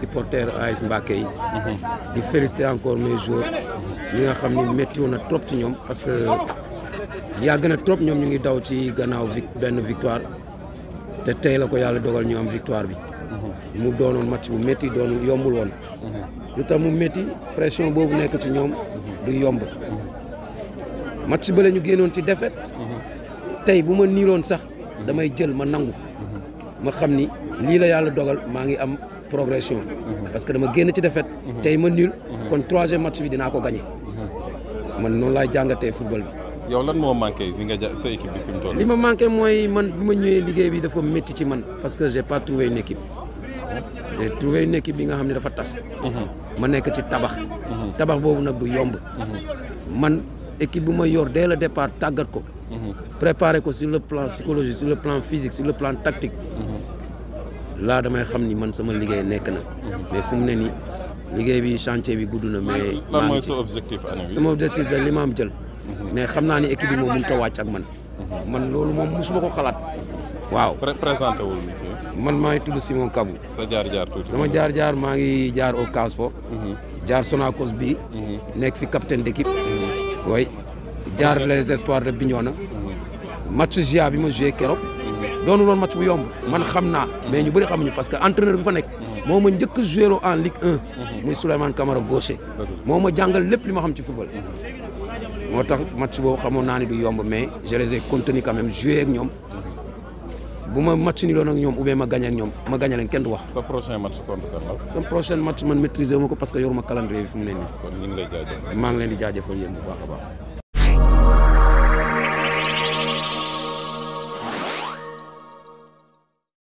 supporter AS Mbacké yi. Mhm. di féliciter encore mes joueurs. ñi nga xam ni métti woon na trop ci ñoom parce que yàgg na trop ñoom ñu ngi daw ci gannaaw benn victoire te tey la ko yàlla dogal ñu am victoire bi. Mhm. mu doonoon match bu métti doon yombul woon. Mhm. lu tax mu métti pression boobu nekk ci ñoom. du yomb. match bële ñu génnoon ci défaite. tey bu ma niiloon sax damay jël ma nangu. ma xam ni. lii la yàlla dogal maa ngi am progression. parce que dama génn ci défaite. tey ma nul. kon troisième match bi dinaa ko gagné. man noonu laay jàngatee football bi. moo manqué bi nga ja li ma manqué mooy man bi ma ñëwee liggéey bi dafa métti ci man parce que j'ai pas trouvé une équipe. j'ai trouvé une équipe bi nga xam ne dafa tas. ma nekk ci tabax. tabax boobu nag du yomb. man équipe bu ma yor dès le départ tàggat ko. Mhm. préparer ko sur le plan psychologique sur le plan physique sur le plan tactique. laa damay xam ni man sama liggéey nekk na mais fu mu ne nii liggéey bi chantier bi gudd na mais lan mooy sama objectif da li ma am jël mais xam naa ni équipe bi moom mënut a wàcc ak man man loolu moom mosuma ko xalaat waaw présenté wul man maa ngi tudd Simon Kabou sa jaar-jaar tuuti sama jaar-jaar maa ngi jaar au Casa mhm. jaar Sonacos bi mhm. nekk fi capitaine d'équipe way mhm. jaar les espoirs de Bignona match GIA bi ma joué keroog doonu loon match bu yomb man xam naa mais ñu bëri xamuñu parce que entraîneur bi fa nekk mm-hmm. moo ma njëkk a joué en Ligue 1 mm-hmm. muy Souleymane Camara Gaucher moo ma jàngal lépp li ma xam ci football mm-hmm. moo tax match boo xamoon naa ni du yomb mais je les ai contenus quand même ñoom bu ma match ni loon ak ñoom ou bien ma gagné ak ñoom ma gagné leen kenn du wax. sa prochain match man maîtriser parce que yoruma calendrier bi fu mu ne nii. ngi leen di jaajëfal yéen bu baax baax.